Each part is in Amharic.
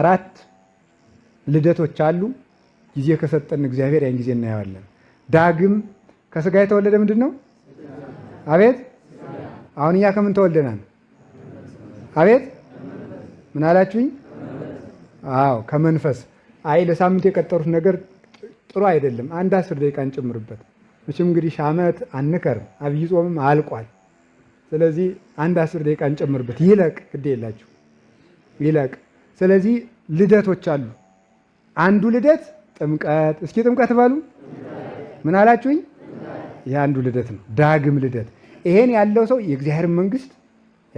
አራት ልደቶች አሉ። ጊዜ ከሰጠን እግዚአብሔር ያን ጊዜ እናየዋለን። ዳግም ከስጋ የተወለደ ምንድን ነው? አቤት አሁን እኛ ከምን ተወልደናል? አቤት ምን አላችሁኝ? አዎ ከመንፈስ። አይ ለሳምንት የቀጠሩት ነገር ጥሩ አይደለም። አንድ አስር ደቂቃ እንጨምርበት። መቼም እንግዲህ ሻመት አንከርም፣ አብይ ጾምም አልቋል። ስለዚህ አንድ አስር ደቂቃ እንጨምርበት። ይለቅ ግድ የላችሁ ይለቅ ስለዚህ ልደቶች አሉ። አንዱ ልደት ጥምቀት። እስኪ ጥምቀት በሉ ምን አላችሁኝ? የአንዱ ልደት ነው፣ ዳግም ልደት። ይሄን ያለው ሰው የእግዚአብሔር መንግስት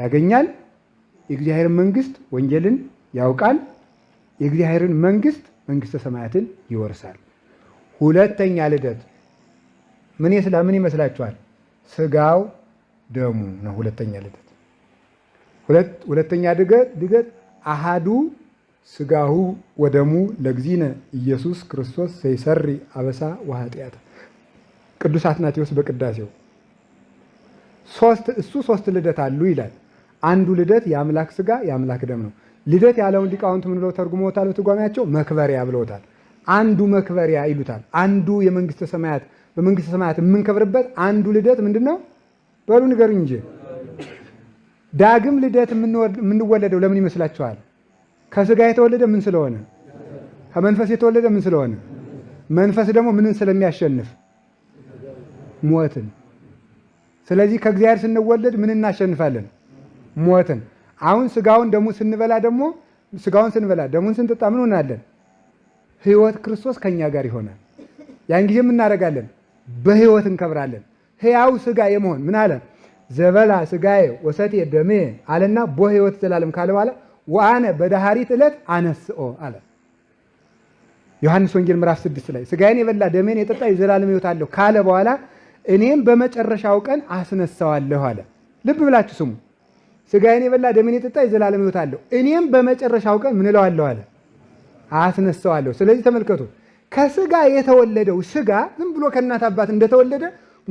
ያገኛል። የእግዚአብሔር መንግስት ወንጌልን ያውቃል። የእግዚአብሔርን መንግስት መንግስተ ሰማያትን ይወርሳል። ሁለተኛ ልደት ምን ይስላ ምን ይመስላችኋል? ስጋው ደሙ ነው። ሁለተኛ ልደት ሁለተኛ ድገት አሃዱ ስጋሁ ወደሙ ለግዚነ ኢየሱስ ክርስቶስ ሰይሰሪ አበሳ ወኃጢአት ቅዱስ አትናቴዎስ በቅዳሴው ሶስት እሱ ሶስት ልደት አሉ ይላል። አንዱ ልደት የአምላክ ስጋ የአምላክ ደም ነው። ልደት ያለውን ሊቃውንት ምን ብለው ተርጉመውታል? በትርጓሜያቸው መክበሪያ ብለውታል። አንዱ መክበሪያ ይሉታል። አንዱ የመንግስተ ሰማያት በመንግስተ ሰማያት የምንከብርበት አንዱ ልደት ምንድን ነው? በሉ ንገሩኝ እንጂ ዳግም ልደት የምንወለደው ለምን ይመስላችኋል? ከስጋ የተወለደ ምን ስለሆነ? ከመንፈስ የተወለደ ምን ስለሆነ? መንፈስ ደግሞ ምንን ስለሚያሸንፍ? ሞትን። ስለዚህ ከእግዚአብሔር ስንወለድ ምን እናሸንፋለን? ሞትን። አሁን ስጋውን ደግሞ ስንበላ ደግሞ ስጋውን ስንበላ ደሙን ስንጠጣ ምን ሆናለን? ህይወት ክርስቶስ ከኛ ጋር ይሆናል። ያን ጊዜ እናደርጋለን በህይወት እንከብራለን። ህያው ስጋ የመሆን ምን አለ ዘበላ ስጋዬ ወሰቴ ደሜ አለና ቦህይወት ዘላለም ካለ በኋላ ወአነ በዳሃሪት ዕለት አነስኦ አለ። ዮሐንስ ወንጌል ምዕራፍ ስድስት ላይ ስጋዬን የበላ ደሜን የጠጣ የዘላለም ሕይወት አለው ካለ በኋላ እኔም በመጨረሻው ቀን አስነሳዋለሁ አለ። ልብ ብላችሁ ስሙ። ስጋዬን የበላ ደሜን የጠጣ የዘላለም ሕይወት አለው፣ እኔም በመጨረሻው ቀን ምን እለዋለሁ አለ? አስነሳዋለሁ። ስለዚህ ተመልከቱ፣ ከስጋ የተወለደው ስጋ ዝም ብሎ ከእናት አባት እንደተወለደ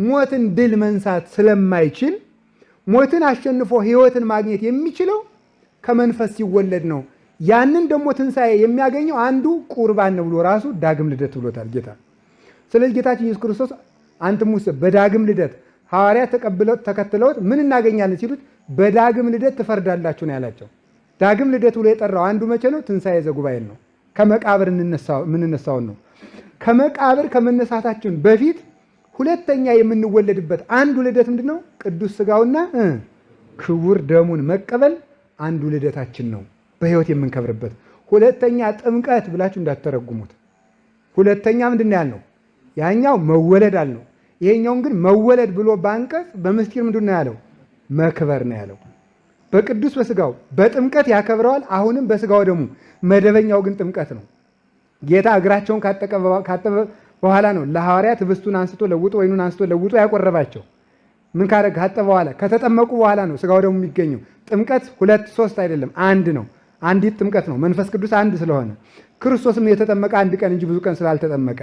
ሞትን ድል መንሳት ስለማይችል ሞትን አሸንፎ ህይወትን ማግኘት የሚችለው ከመንፈስ ሲወለድ ነው። ያንን ደግሞ ትንሣኤ የሚያገኘው አንዱ ቁርባን ነው ብሎ ራሱ ዳግም ልደት ብሎታል ጌታ። ስለዚህ ጌታችን ኢየሱስ ክርስቶስ ውስጥ በዳግም ልደት ሐዋርያ ተቀብለው ተከትለውት ምን እናገኛለን ሲሉት በዳግም ልደት ትፈርዳላችሁ ነው ያላቸው። ዳግም ልደት ብሎ የጠራው አንዱ መቼ ነው? ትንሣኤ ዘጉባኤን ነው። ከመቃብር የምንነሳውን ነው። ከመቃብር ከመነሳታችን በፊት ሁለተኛ የምንወለድበት አንዱ ልደት ምንድን ነው? ቅዱስ ስጋውና ክቡር ደሙን መቀበል አንዱ ልደታችን ነው፣ በህይወት የምንከብርበት። ሁለተኛ ጥምቀት ብላችሁ እንዳትተረጉሙት። ሁለተኛ ምንድን ያልነው? ያኛው መወለድ አልነው። ይሄኛውን ግን መወለድ ብሎ በአንቀጽ በምስጢር ምንድን ነው ያለው? መክበር ነው ያለው። በቅዱስ በስጋው በጥምቀት ያከብረዋል። አሁንም በስጋው ደሙ። መደበኛው ግን ጥምቀት ነው። ጌታ እግራቸውን ካጠበ በኋላ ነው ለሐዋርያት ህብስቱን አንስቶ ለውጦ ወይኑን አንስቶ ለውጦ ያቆረባቸው። ምን ካረ ጋጠ በኋላ ከተጠመቁ በኋላ ነው ስጋው ደግሞ የሚገኘው። ጥምቀት ሁለት ሶስት አይደለም አንድ ነው። አንዲት ጥምቀት ነው። መንፈስ ቅዱስ አንድ ስለሆነ ክርስቶስም የተጠመቀ አንድ ቀን እንጂ ብዙ ቀን ስላልተጠመቀ፣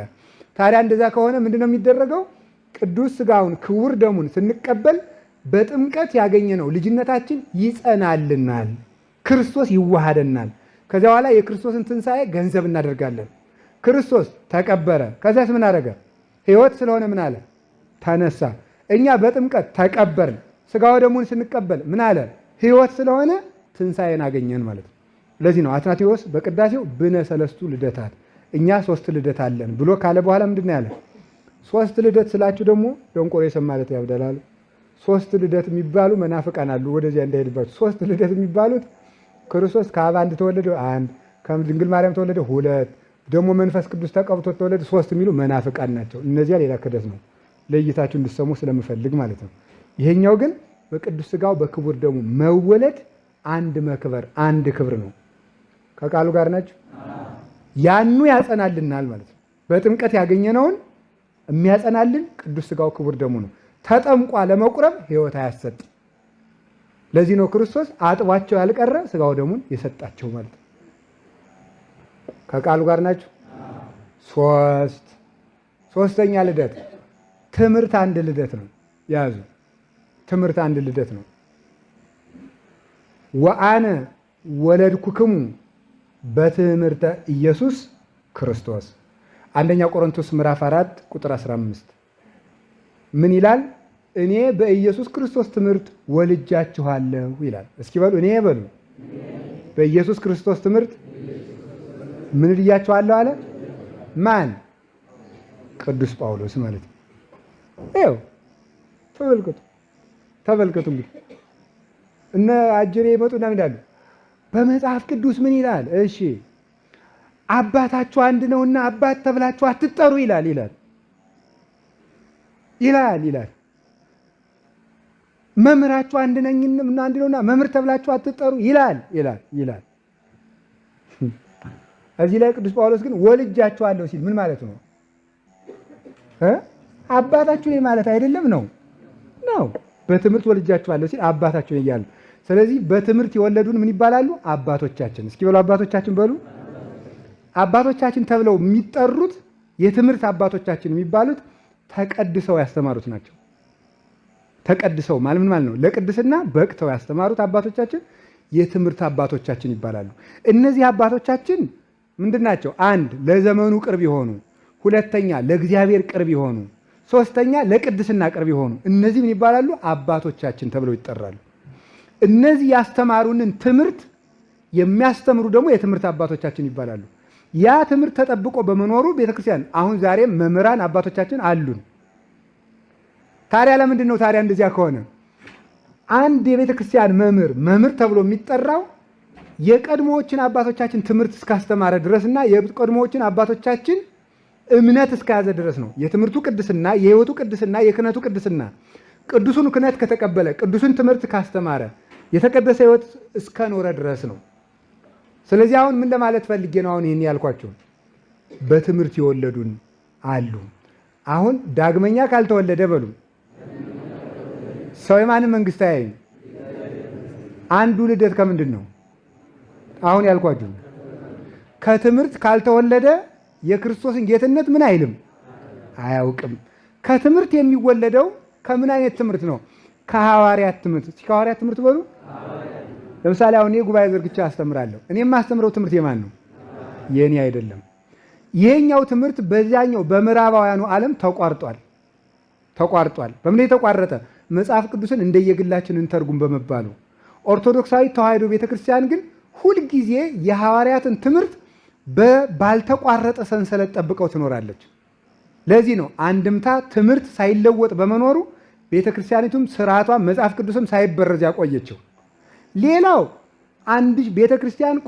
ታዲያ እንደዛ ከሆነ ምንድነው የሚደረገው? ቅዱስ ስጋውን ክቡር ደሙን ስንቀበል በጥምቀት ያገኘ ነው ልጅነታችን ይጸናልናል። ክርስቶስ ይዋሃደናል። ከዚያ በኋላ የክርስቶስን ትንሣኤ ገንዘብ እናደርጋለን። ክርስቶስ ተቀበረ። ከዚያስ ምን አደረገ? ህይወት ስለሆነ ምን አለ? ተነሳ። እኛ በጥምቀት ተቀበልን። ስጋ ወደሙን ስንቀበል ምን አለ? ህይወት ስለሆነ ትንሣኤን አገኘን ማለት ነው። ለዚህ ነው አትናቴዎስ በቅዳሴው ብነ ሰለስቱ ልደታት እኛ ሶስት ልደት አለን ብሎ ካለ በኋላ ምንድን ያለ? ሶስት ልደት ስላችሁ ደግሞ ደንቆሮ የሰማ ማለት ያብደላሉ። ሶስት ልደት የሚባሉ መናፍቃን አሉ፣ ወደዚያ እንዳይሄድባችሁ። ሶስት ልደት የሚባሉት ክርስቶስ ከአብ አንድ ተወለደ አንድ፣ ከድንግል ማርያም ተወለደ ሁለት፣ ደግሞ መንፈስ ቅዱስ ተቀብቶ ተወለደ ሶስት የሚሉ መናፍቃን ናቸው። እነዚያ ሌላ ክደት ነው። ለይታችሁ እንድሰሙ ስለምፈልግ ማለት ነው። ይሄኛው ግን በቅዱስ ስጋው በክቡር ደሙ መወለድ አንድ መክበር አንድ ክብር ነው። ከቃሉ ጋር ናችሁ። ያኑ ያጸናልናል ማለት ነው። በጥምቀት ያገኘነውን የሚያጸናልን ቅዱስ ስጋው ክቡር ደሙ ነው። ተጠምቋ ለመቁረብ ህይወት አያሰጥ። ለዚህ ነው ክርስቶስ አጥቧቸው ያልቀረ ስጋው ደሙን የሰጣቸው ማለት ነው። ከቃሉ ጋር ናችሁ። ሶስት ሶስተኛ ልደት ትምህርት አንድ ልደት ነው። ያዙ ትምህርት አንድ ልደት ነው። ወአነ ወለድኩክሙ በትምህርተ ኢየሱስ ክርስቶስ አንደኛ ቆሮንቶስ ምዕራፍ 4 ቁጥር 15 ምን ይላል? እኔ በኢየሱስ ክርስቶስ ትምህርት ወልጃችኋለሁ ይላል። እስኪ በሉ እኔ በሉ በኢየሱስ ክርስቶስ ትምህርት ምን ልያችኋለሁ አለ ማን? ቅዱስ ጳውሎስ ማለት ነው። ይኸው ተመልከቱ፣ ተመልከቱ እንግዲህ እነ አጀሬ የመጡና ምን ይላሉ? በመጽሐፍ ቅዱስ ምን ይላል? እሺ አባታችሁ አንድ ነውና አባት ተብላችሁ አትጠሩ ይላል ይላል ይላል ይላል መምህራችሁ አንድ ነኝና አንድ ነውና መምህር ተብላችሁ አትጠሩ ይላል ይላል ይላል። እዚህ ላይ ቅዱስ ጳውሎስ ግን ወልጃችኋለሁ ሲል ምን ማለት ነው? አባታችሁ ነኝ ማለት አይደለም ነው ነው። በትምህርት ወልጃችኋለሁ ሲል አባታችሁ ነኝ እያሉ ስለዚህ በትምህርት የወለዱን ምን ይባላሉ? አባቶቻችን። እስኪ በሉ አባቶቻችን በሉ። አባቶቻችን ተብለው የሚጠሩት የትምህርት አባቶቻችን የሚባሉት ተቀድሰው ያስተማሩት ናቸው። ተቀድሰው ማለት ምን ማለት ነው? ለቅድስና በቅተው ያስተማሩት አባቶቻችን የትምህርት አባቶቻችን ይባላሉ። እነዚህ አባቶቻችን ምንድን ናቸው? አንድ ለዘመኑ ቅርብ የሆኑ ሁለተኛ ለእግዚአብሔር ቅርብ የሆኑ ሶስተኛ ለቅድስና ቅርብ የሆኑ እነዚህ ምን ይባላሉ? አባቶቻችን ተብለው ይጠራሉ። እነዚህ ያስተማሩንን ትምህርት የሚያስተምሩ ደግሞ የትምህርት አባቶቻችን ይባላሉ። ያ ትምህርት ተጠብቆ በመኖሩ ቤተክርስቲያን አሁን ዛሬም መምህራን አባቶቻችን አሉን። ታዲያ ለምንድን ነው ታዲያ እንደዚያ ከሆነ አንድ የቤተክርስቲያን መምህር መምህር ተብሎ የሚጠራው የቀድሞዎችን አባቶቻችን ትምህርት እስካስተማረ ድረስና የቀድሞዎችን አባቶቻችን እምነት እስከያዘ ድረስ ነው። የትምህርቱ ቅድስና፣ የህይወቱ ቅድስና፣ የክህነቱ ቅድስና ቅዱሱን ክህነት ከተቀበለ ቅዱሱን ትምህርት ካስተማረ የተቀደሰ ህይወት እስከኖረ ድረስ ነው። ስለዚህ አሁን ምን ለማለት ፈልጌ ነው? አሁን ይህን ያልኳቸው በትምህርት የወለዱን አሉ። አሁን ዳግመኛ ካልተወለደ በሉ ሰው የማንም መንግስት አያይም። አንዱ ልደት ከምንድን ነው? አሁን ያልኳችሁ ከትምህርት ካልተወለደ የክርስቶስን ጌትነት ምን አይልም አያውቅም። ከትምህርት የሚወለደው ከምን አይነት ትምህርት ነው? ከሐዋርያት ትምህርት። እስኪ ከሐዋርያት ትምህርት በሉ። ለምሳሌ አሁን እኔ ጉባኤ ዘርግቼ አስተምራለሁ። እኔ የማስተምረው ትምህርት የማን ነው? የእኔ አይደለም። ይሄኛው ትምህርት በዚያኛው በምዕራባውያኑ ዓለም ተቋርጧል ተቋርጧል። በምን የተቋረጠ? መጽሐፍ ቅዱስን እንደየግላችን እንተርጉም በመባሉ። ኦርቶዶክሳዊ ተዋሕዶ ቤተክርስቲያን ግን ሁልጊዜ የሐዋርያትን ትምህርት ባልተቋረጠ ሰንሰለት ጠብቀው ትኖራለች። ለዚህ ነው አንድምታ ትምህርት ሳይለወጥ በመኖሩ ቤተ ክርስቲያኒቱም ስርዓቷ መጽሐፍ ቅዱስም ሳይበረዝ ያቆየችው። ሌላው አንድ ቤተ ክርስቲያን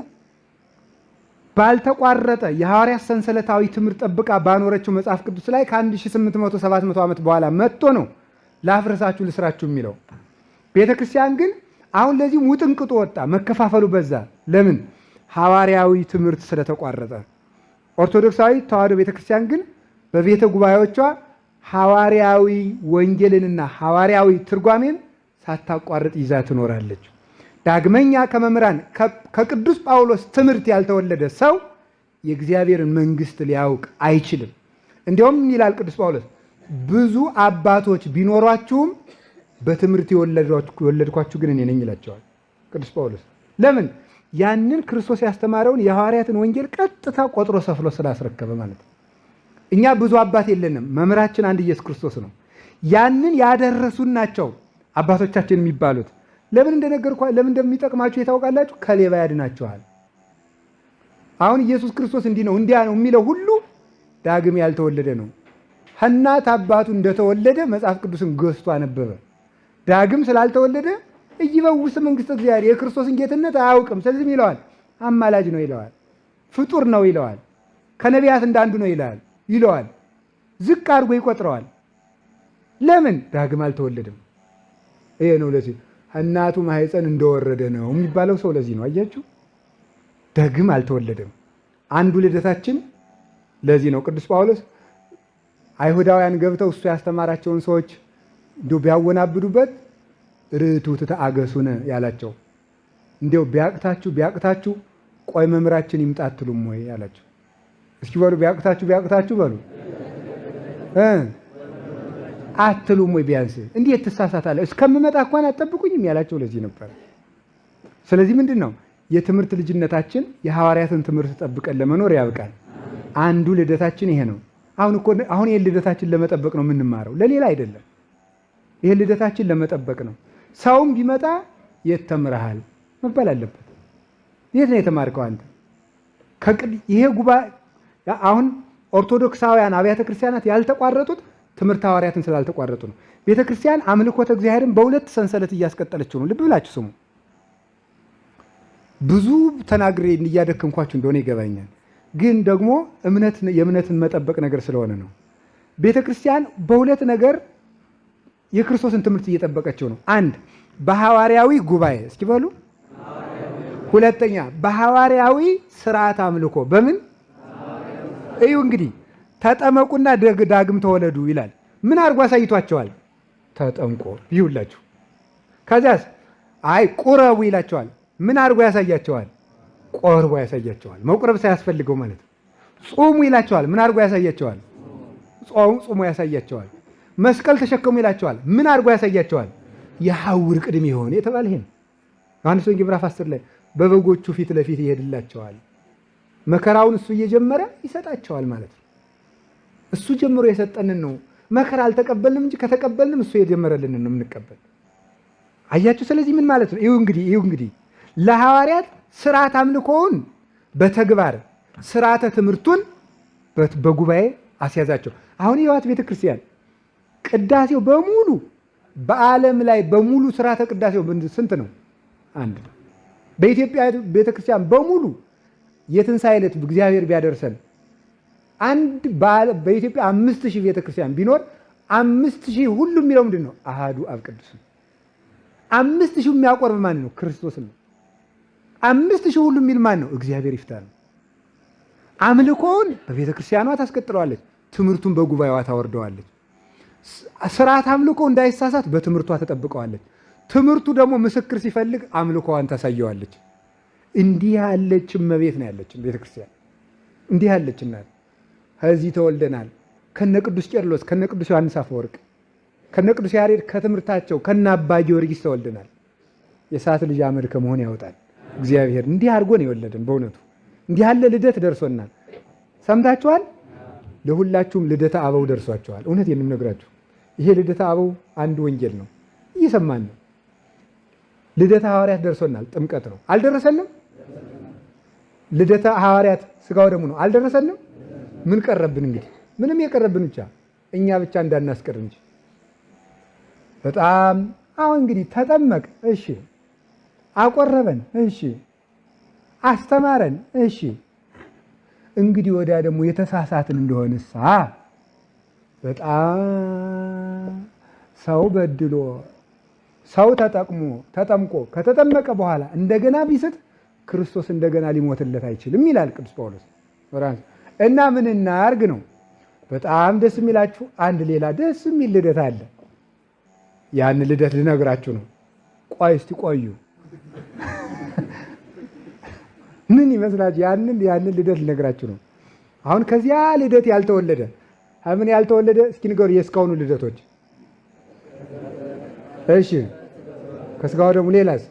ባልተቋረጠ የሐዋርያት ሰንሰለታዊ ትምህርት ጠብቃ ባኖረችው መጽሐፍ ቅዱስ ላይ ከ1800 ዓመት በኋላ መጥቶ ነው ላፍረሳችሁ ልስራችሁ የሚለው። ቤተ ክርስቲያን ግን አሁን ለዚህም ውጥንቅጡ ወጣ፣ መከፋፈሉ በዛ። ለምን? ሐዋርያዊ ትምህርት ስለተቋረጠ። ኦርቶዶክሳዊ ቤተ ቤተክርስቲያን ግን በቤተ ጉባኤዎቿ ሐዋርያዊ ወንጌልንና ሐዋርያዊ ትርጓሜን ሳታቋርጥ ይዛ ትኖራለች። ዳግመኛ ከመምህራን ከቅዱስ ጳውሎስ ትምህርት ያልተወለደ ሰው የእግዚአብሔርን መንግስት ሊያውቅ አይችልም። እንዲያውም ይላል ቅዱስ ጳውሎስ ብዙ አባቶች ቢኖሯችሁም በትምህርት የወለድኳችሁ ግን እኔ ነኝ ይላቸዋል ቅዱስ ጳውሎስ ለምን ያንን ክርስቶስ ያስተማረውን የሐዋርያትን ወንጌል ቀጥታ ቆጥሮ ሰፍሎ ስላስረከበ ማለት ነው። እኛ ብዙ አባት የለንም። መምህራችን አንድ ኢየሱስ ክርስቶስ ነው። ያንን ያደረሱን ናቸው አባቶቻችን የሚባሉት። ለምን እንደነገርኳ ለምን እንደሚጠቅማችሁ የታወቃላችሁ። ከሌባ ያድናችኋል። አሁን ኢየሱስ ክርስቶስ እንዲህ ነው እንዲያ ነው የሚለው ሁሉ ዳግም ያልተወለደ ነው። እናት አባቱ እንደተወለደ መጽሐፍ ቅዱስን ገዝቶ አነበበ። ዳግም ስላልተወለደ እይበውስ መንግስተ እግዚአብሔር የክርስቶስን ጌትነት አያውቅም። ስለዚህም ይለዋል አማላጅ ነው ይለዋል፣ ፍጡር ነው ይለዋል፣ ከነቢያት እንዳንዱ ነው ይለዋል ይለዋል። ዝቅ አድርጎ ይቆጥረዋል። ለምን ዳግም አልተወለድም? ይሄ ነው ለዚህ እናቱ ማህፀን እንደወረደ ነው የሚባለው ሰው ለዚህ ነው። አያችሁ፣ ዳግም አልተወለደም። አንዱ ልደታችን ለዚህ ነው። ቅዱስ ጳውሎስ አይሁዳውያን ገብተው እሱ ያስተማራቸውን ሰዎች እንዲሁ ቢያወናብዱበት ርቱ ትተአገሱነ ያላቸው እንዲያው ቢያቅታችሁ ቢያቅታችሁ ቆይ መምህራችን ይምጣ አትሉም ወይ ያላቸው። እስኪ በሉ ቢያቅታችሁ ቢያቅታችሁ በሉ አትሉም ወይ? ቢያንስ እንዴት ትሳሳታለህ? እስከምመጣ እንኳን አጠብቁኝም ያላቸው ለዚህ ነበር። ስለዚህ ምንድን ነው የትምህርት ልጅነታችን የሐዋርያትን ትምህርት ጠብቀን ለመኖር ያብቃል። አንዱ ልደታችን ይሄ ነው። አሁን እኮ አሁን ይሄን ልደታችን ለመጠበቅ ነው የምንማረው፣ ለሌላ አይደለም። ይሄን ልደታችን ለመጠበቅ ነው። ሰውም ቢመጣ የት ተምረሃል መባል አለበት። የት ነው የተማርከው አንተ? ይሄ ጉባ አሁን ኦርቶዶክሳውያን አብያተ ክርስቲያናት ያልተቋረጡት ትምህርት ሐዋርያትን ስላልተቋረጡ ነው። ቤተ ክርስቲያን አምልኮተ እግዚአብሔርን በሁለት ሰንሰለት እያስቀጠለችው ነው። ልብ ብላችሁ ስሙ። ብዙ ተናግሬ እያደከምኳችሁ እንደሆነ ይገባኛል። ግን ደግሞ እምነት የእምነትን መጠበቅ ነገር ስለሆነ ነው። ቤተ ክርስቲያን በሁለት ነገር የክርስቶስን ትምህርት እየጠበቀችው ነው። አንድ በሐዋርያዊ ጉባኤ እስኪ በሉ። ሁለተኛ በሐዋርያዊ ስርዓት አምልኮ በምን እዩ እንግዲህ ተጠመቁና ዳግም ተወለዱ ይላል። ምን አድርጎ አሳይቷቸዋል? ተጠምቆ ይሁላችሁ። ከዚያስ አይ ቁረቡ ይላቸዋል። ምን አድርጎ ያሳያቸዋል? ቆርቦ ያሳያቸዋል። መቁረብ ሳያስፈልገው ማለት ነው። ጾሙ ይላቸዋል። ምን አድርጎ ያሳያቸዋል? ጾሙ ያሳያቸዋል። መስቀል ተሸከሙ ይላቸዋል። ምን አድርጎ ያሳያቸዋል? የሐውር ቅድም የሆነ የተባለ ይሄ ነው። ዮሐንስ ወንጌል ምዕራፍ 10 ላይ በበጎቹ ፊት ለፊት ይሄድላቸዋል። መከራውን እሱ እየጀመረ ይሰጣቸዋል ማለት ነው። እሱ ጀምሮ የሰጠንን ነው። መከራ አልተቀበልንም እንጂ ከተቀበልንም እሱ የጀመረልንን ነው የምንቀበል። አያችሁ። ስለዚህ ምን ማለት ነው? ይሁ እንግዲህ ይሁ እንግዲህ ለሐዋርያት ስርዓት አምልኮውን በተግባር ስርዓተ ትምህርቱን በጉባኤ አስያዛቸው። አሁን የህዋት ቤተክርስቲያን ቅዳሴው በሙሉ በዓለም ላይ በሙሉ ስርዓተ ቅዳሴው ስንት ነው? አንድ ነው። በኢትዮጵያ ቤተክርስቲያን በሙሉ የትንሣኤ ዕለት እግዚአብሔር ቢያደርሰን አንድ በኢትዮጵያ አምስት ሺህ ቤተክርስቲያን ቢኖር አምስት ሺህ ሁሉ የሚለው ምንድን ነው? አሃዱ አብ ቅዱስ ነው። አምስት ሺህ የሚያቆርብ ማን ነው? ክርስቶስ ነው። አምስት ሺህ ሁሉ የሚል ማን ነው? እግዚአብሔር ይፍታ ነው። አምልኮውን በቤተክርስቲያኗ ታስቀጥለዋለች። ትምህርቱን በጉባኤዋ ታወርደዋለች። ስርዓት አምልኮ እንዳይሳሳት በትምህርቷ ተጠብቀዋለች። ትምህርቱ ደግሞ ምስክር ሲፈልግ አምልኮዋን ታሳየዋለች። እንዲህ ያለች እመቤት ነው ያለች ቤተክርስቲያን። እንዲህ ያለች እናት ከዚህ ተወልደናል ከነ ቅዱስ ቄርሎስ ከነ ቅዱስ ዮሐንስ አፈወርቅ ከነ ቅዱስ ያሬድ ከትምህርታቸው ከነ አባ ጊዮርጊስ ተወልደናል። የእሳት ልጅ አመድ ከመሆን ያወጣል። እግዚአብሔር እንዲህ አድርጎ ነው የወለደን። በእውነቱ እንዲህ ያለ ልደት ደርሶናል። ሰምታችኋል። ለሁላችሁም ልደታ አበው ደርሷቸዋል። እውነት የምነግራችሁ ይሄ ልደታ አበው አንድ ወንጌል ነው፣ እየሰማን ነው። ልደታ ሐዋርያት ደርሶናል፣ ጥምቀት ነው። አልደረሰንም? ልደታ ሐዋርያት ስጋው ደግሞ ነው፣ አልደረሰንም? ምን ቀረብን? እንግዲህ ምንም የቀረብን ብቻ እኛ ብቻ እንዳናስቀር እንጂ በጣም አሁን እንግዲህ ተጠመቅ፣ እሺ፣ አቆረበን፣ እሺ፣ አስተማረን፣ እሺ እንግዲህ ወዲያ ደግሞ የተሳሳትን እንደሆንሳ በጣም ሰው በድሎ ሰው ተጠቅሞ ተጠምቆ ከተጠመቀ በኋላ እንደገና ቢስት ክርስቶስ እንደገና ሊሞትለት አይችልም ይላል ቅዱስ ጳውሎስ። እና ምን እናርግ ነው? በጣም ደስ የሚላችሁ አንድ ሌላ ደስ የሚል ልደት አለ። ያን ልደት ልነግራችሁ ነው። ቆይ እስቲ ቆዩ። ምን ይመስላል? ያንን ያንን ልደት ልነግራችሁ ነው። አሁን ከዚያ ልደት ያልተወለደ ምን ያልተወለደ እስኪ ንገሩ፣ የእስካሁኑ ልደቶች። እሺ ከስጋው ደግሞ ሌላስ?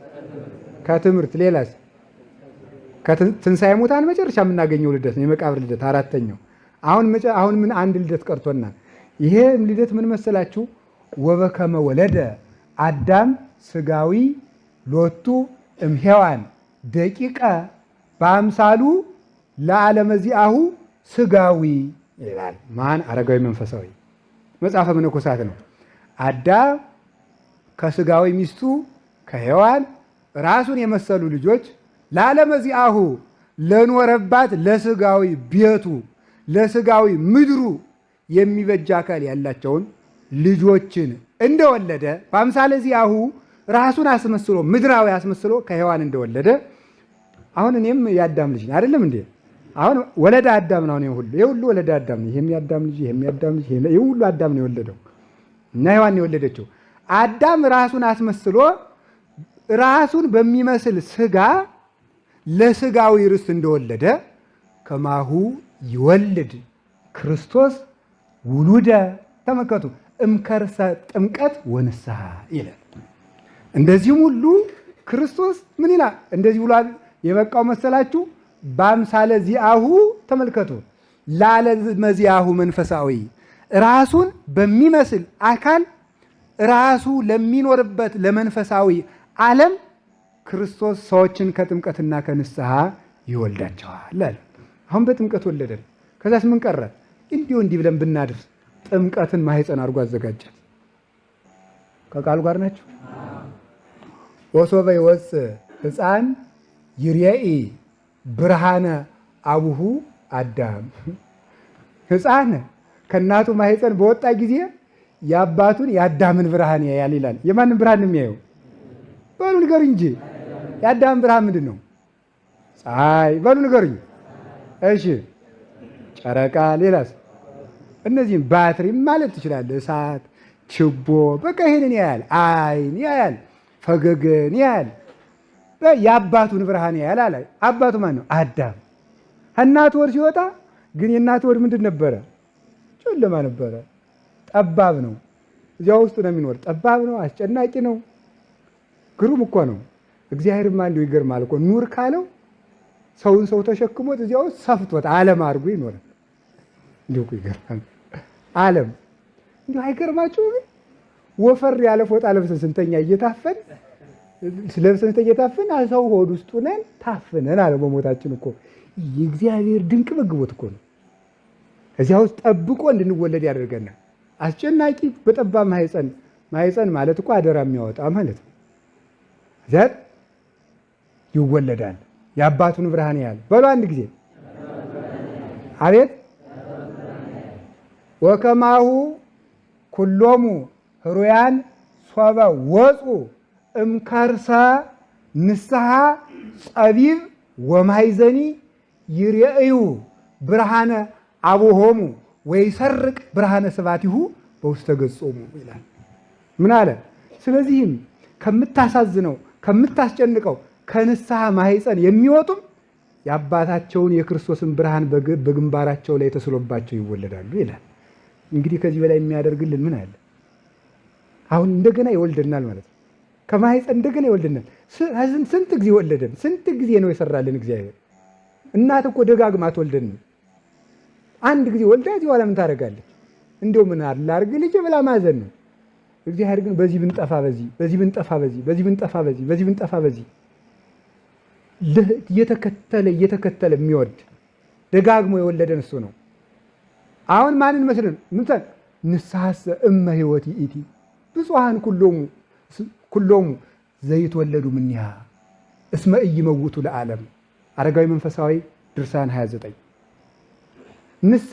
ከትምህርት ሌላስ? ከትንሣኤ ሙታን መጨረሻ የምናገኘው ልደት ነው፣ የመቃብር ልደት አራተኛው። አሁን አሁን ምን አንድ ልደት ቀርቶናል። ይሄ ልደት ምን መሰላችሁ? ወበከመ ወለደ አዳም ስጋዊ ሎቱ እምሔዋን ደቂቀ በአምሳሉ ለዓለመ ዚአሁ ስጋዊ ይላል። ማን አረጋዊ መንፈሳዊ መጽሐፈ መነኮሳት ነው። አዳም ከስጋዊ ሚስቱ ከሔዋን ራሱን የመሰሉ ልጆች ለዓለመ ዚአሁ ለኖረባት ለስጋዊ ቤቱ ለስጋዊ ምድሩ የሚበጅ አካል ያላቸውን ልጆችን እንደወለደ በአምሳለ ዚአሁ ራሱን አስመስሎ ምድራዊ አስመስሎ ከሔዋን እንደወለደ አሁን እኔም የአዳም ልጅ አይደለም እንዴ? አሁን ወለደ አዳም ነው። ይሄ ሁሉ ይሄ ሁሉ ወለደ አዳም ነው። ይሄም ያዳም ልጅ ይሄም ያዳም ልጅ ይሄ ሁሉ አዳም ነው የወለደው እና ሔዋን ነው የወለደችው። አዳም ራሱን አስመስሎ ራሱን በሚመስል ስጋ ለስጋዊ ርስት እንደወለደ ከማሁ ይወልድ ክርስቶስ ውሉደ ተመከቱ እምከርሰ ጥምቀት ወንስሐ ይላል። እንደዚህም ሁሉ ክርስቶስ ምን ይላል? እንደዚህ ብሏል። የበቃው መሰላችሁ? በአምሳለ ዚአሁ ተመልከቱ፣ ላለመዚያሁ መንፈሳዊ ራሱን በሚመስል አካል ራሱ ለሚኖርበት ለመንፈሳዊ ዓለም ክርስቶስ ሰዎችን ከጥምቀትና ከንስሐ ይወልዳቸዋል አሁን በጥምቀት ወለደን። ከዛስ ምን ቀረ? እንዲሁ እንዲህ ብለን ብናድርስ ጥምቀትን ማህፀን አድርጎ አዘጋጃት። ከቃሉ ጋር ናቸው። ወሶበ ይወፅ ህፃን ይርኤኢ ብርሃነ አቡሁ አዳም ህፃን ከእናቱ ማህፀን በወጣ ጊዜ የአባቱን የአዳምን ብርሃን ያያል ይላል። የማንም ብርሃን ነው የሚያየው? በሉ ንገሩ እንጂ የአዳም ብርሃን ምንድን ነው? ፀሐይ በሉ ንገሩኝ። እሺ ጨረቃ፣ ሌላስ? እነዚህም ባትሪ ማለት ትችላለህ፣ እሳት፣ ችቦ፣ በቃ ይሄንን ያያል። አይን ያያል፣ ፈገግን ያያል። የአባቱን ብርሃን ያህል አለ። አባቱ ማን ነው? አዳም። እናት ወድ ሲወጣ ግን የእናት ወድ ምንድን ነበረ? ጨለማ ነበረ። ጠባብ ነው። እዚያ ውስጥ ነው የሚኖር። ጠባብ ነው። አስጨናቂ ነው። ግሩም እኮ ነው። እግዚአብሔርማ እንዲሁ ይገርማል እኮ ኑር ካለው ሰውን ሰው ተሸክሞት እዚያ ውስጥ ሰፍቶት ዓለም አድርጎ ይኖራል። እንዲሁ ይገርማል ዓለም እንዲሁ አይገርማችሁ? ወፈር ያለ ፎጣ ለብሰን ስንተኛ እየታፈን ስለብሰን ተየታፈን ሰው ሆድ ውስጡ ነን ታፍነን አለ። መሞታችን እኮ የእግዚአብሔር ድንቅ መግቦት እኮ ነው። እዚያ ውስጥ ጠብቆ እንድንወለድ ያደርገናል። አስጨናቂ በጠባ ማህፀን ማህፀን ማለት እኮ አደራ የሚያወጣ ማለት ነው። እዚያ ይወለዳል የአባቱን ብርሃን ያል በሎ አንድ ጊዜ አቤት ወከማሁ ኩሎሙ ህሩያን ሶበ ወፁ እምከርሰ ንስሐ ጸቢብ ወማይዘኒ ይርአዩ ብርሃነ አብሆሙ ወይሰርቅ ብርሃነ ስባቲሁ በውስተ ገጾሙ ይላል። ምን አለ? ስለዚህም ከምታሳዝነው ከምታስጨንቀው ከንስሐ ማህፀን የሚወጡም የአባታቸውን የክርስቶስን ብርሃን በግንባራቸው ላይ ተስሎባቸው ይወለዳሉ ይላል። እንግዲህ ከዚህ በላይ የሚያደርግልን ምን አለ? አሁን እንደገና ይወልደናል ማለት ነው። ከማህፀን እንደገና ይወልድናል። ስንት ጊዜ ወለደን? ስንት ጊዜ ነው የሰራልን እግዚአብሔር? እናት እኮ ደጋግማ አትወልደንም። አንድ ጊዜ ወልዳ እዚህ ኋላ ምን ታደርጋለች? እንደው ምን አላርግ ልጅ ብላ ማዘን ነው። እግዚአብሔር ግን በዚህ ብንጠፋ በዚህ በዚህ ብንጠፋ በዚህ በዚህ ብንጠፋ በዚህ በዚህ ብንጠፋ በዚህ እየተከተለ እየተከተለ የሚወድ ደጋግሞ የወለደን እሱ ነው። አሁን ማንን መስለን ምንተን ንስሐሰ እመ ህይወት ይእቲ ብፁዓን ኩሎሙ ኩሎሙ ዘይትወለዱ ምኒሃ እስመ እይመውቱ ለዓለም አረጋዊ መንፈሳዊ ድርሳን 29 ንሳ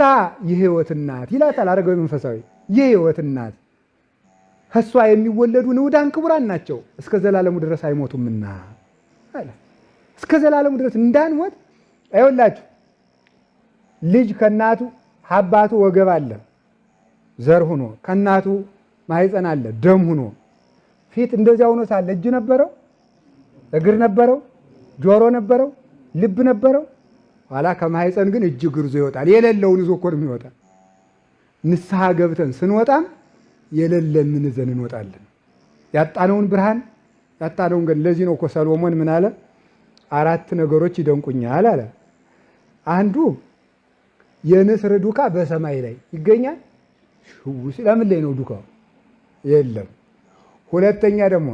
የሕይወት እናት ይላታል አረጋዊ መንፈሳዊ። የሕይወት እናት ከእሷ የሚወለዱ ንዑዳን ክቡራን ናቸው እስከ ዘላለሙ ድረስ አይሞቱምና እስከ ዘላለሙ ድረስ እንዳንሞት አይወላችሁ ልጅ ከእናቱ አባቱ ወገብ አለ ዘር ሁኖ ከእናቱ ማይፀን አለ ደም ሁኖ ፊት እንደዚያ ሆኖ ሳለ እጅ ነበረው፣ እግር ነበረው፣ ጆሮ ነበረው፣ ልብ ነበረው። ኋላ ከማህፀን ግን እጅ እግር ይዞ ይወጣል። የሌለውን ይዞ እኮ ነው የሚወጣ። ንስሐ ገብተን ስንወጣም የሌለን ይዘን እንወጣለን? ያጣነውን ብርሃን ያጣነውን ግን ለዚህ ነው እኮ ሰሎሞን ምን አለ? አራት ነገሮች ይደንቁኛል አለ። አንዱ የንስር ዱካ በሰማይ ላይ ይገኛል። ሽውስ ለምን ላይ ነው ዱካው? የለም ሁለተኛ ደግሞ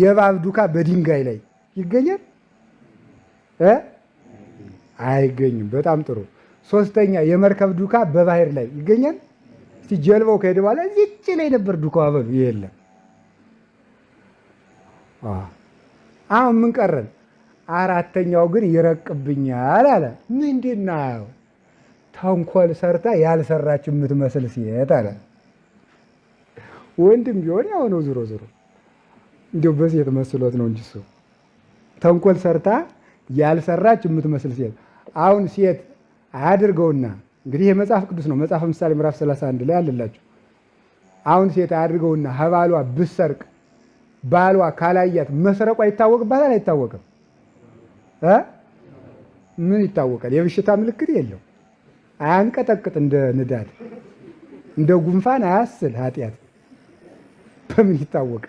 የእባብ ዱካ በድንጋይ ላይ ይገኛል እ አይገኝም። በጣም ጥሩ። ሶስተኛ የመርከብ ዱካ በባህር ላይ ይገኛል። እስቲ ጀልባው ከሄደ በኋላ እዚች ላይ ነበር ዱካ በሉ። የለም። አሁን ምን ቀረን? አራተኛው ግን ይረቅብኛል አለ። ምንድን ነው? ተንኮል ሰርታ ያልሰራች የምትመስል ሴት አለ። ወንድም ቢሆን ያው ነው። ዞሮ ዞሮ እንዲሁ በሴት መስሎት ነው እንጂ እሱ ተንኮል ሰርታ ያልሰራች የምትመስል ሴት አሁን ሴት አያድርገውና እንግዲህ የመጽሐፍ ቅዱስ ነው። መጽሐፍ ምሳሌ ምዕራፍ 31 ላይ አለላችሁ። አሁን ሴት አያድርገውና ከባሏ ብሰርቅ ባሏ ካላያት መስረቋ ይታወቅባታል? አይታወቅም? ምን ይታወቃል? የበሽታ ምልክት የለው። አያንቀጠቅጥ፣ እንደ ንዳድ፣ እንደ ጉንፋን አያስል ኃጢአት በምን ይታወቅ?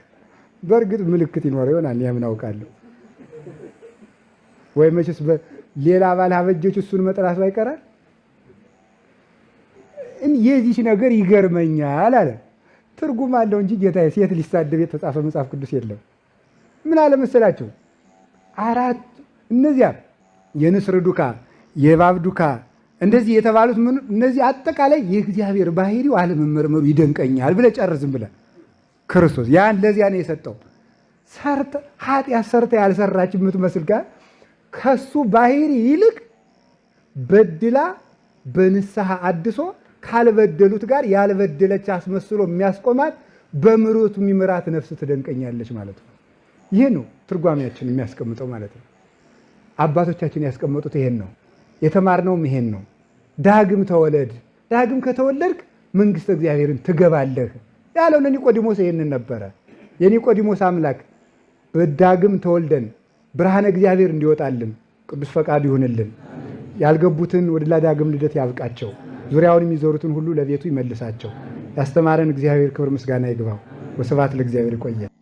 በእርግጥ ምልክት ይኖረው ይሆናል። እኔ ምን አውቃለሁ? ወይ መቼስ ሌላ ባል ሀበጆች እሱን መጥራቱ አይቀራል። የዚች ነገር ይገርመኛል አለ። ትርጉም አለው እንጂ ጌታ ሴት ሊሳደብ የተጻፈ መጽሐፍ ቅዱስ የለም። ምን አለ መሰላችሁ? አራት እነዚያ የንስር ዱካ፣ የእባብ ዱካ እንደዚህ የተባሉት እነዚህ አጠቃላይ የእግዚአብሔር ባህሪው አለመመርመሩ ይደንቀኛል ብለህ ጨርዝም ብለህ ክርስቶስ ያን ለዚያ ነው የሰጠው። ሰርተ ኃጢአት ሰርተ ያልሰራች የምትመስል ጋር ከሱ ባህሪ ይልቅ በድላ በንስሐ አድሶ ካልበደሉት ጋር ያልበደለች አስመስሎ የሚያስቆማት በምሮቱ የሚምራት ነፍስ ትደንቀኛለች ማለት ነው። ይህ ነው ትርጓሚያችን የሚያስቀምጠው ማለት ነው። አባቶቻችን ያስቀመጡት ይሄን ነው። የተማርነውም ይሄን ነው። ዳግም ተወለድ፣ ዳግም ከተወለድክ መንግስት እግዚአብሔርን ትገባለህ ያለው ለኒቆዲሞስ ይህንን ነበረ። የኒቆዲሞስ አምላክ በዳግም ተወልደን ብርሃነ እግዚአብሔር እንዲወጣልን ቅዱስ ፈቃዱ ይሁንልን። ያልገቡትን ወደ ዳግም ልደት ያብቃቸው። ዙሪያውን የሚዞሩትን ሁሉ ለቤቱ ይመልሳቸው። ያስተማረን እግዚአብሔር ክብር ምስጋና ይግባው። ወስብሐት ለእግዚአብሔር። ይቆያል።